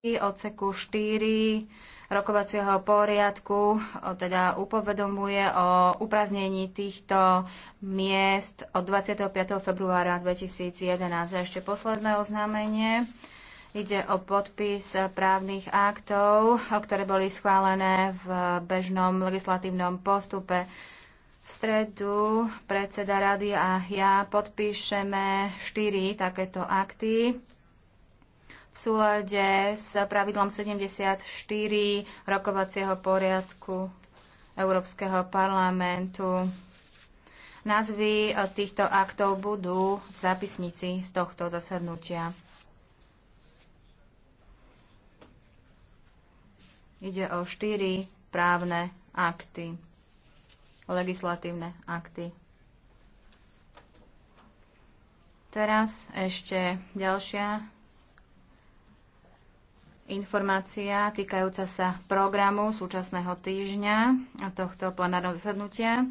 odseku 4 rokovacieho poriadku teda upovedomuje o upraznení týchto miest od 25. februára 2011. A ešte posledné oznámenie. Ide o podpis právnych aktov, ktoré boli schválené v bežnom legislatívnom postupe. V stredu predseda rady a ja podpíšeme štyri takéto akty v súlade s pravidlom 74 rokovacieho poriadku Európskeho parlamentu. Názvy eh, týchto aktov budú v zápisnici z tohto zasadnutia. Ide o štyri právne akty, legislatívne akty. Teraz ešte ďalšia informácia týkajúca sa programu súčasného týždňa a tohto plenárneho zasadnutia.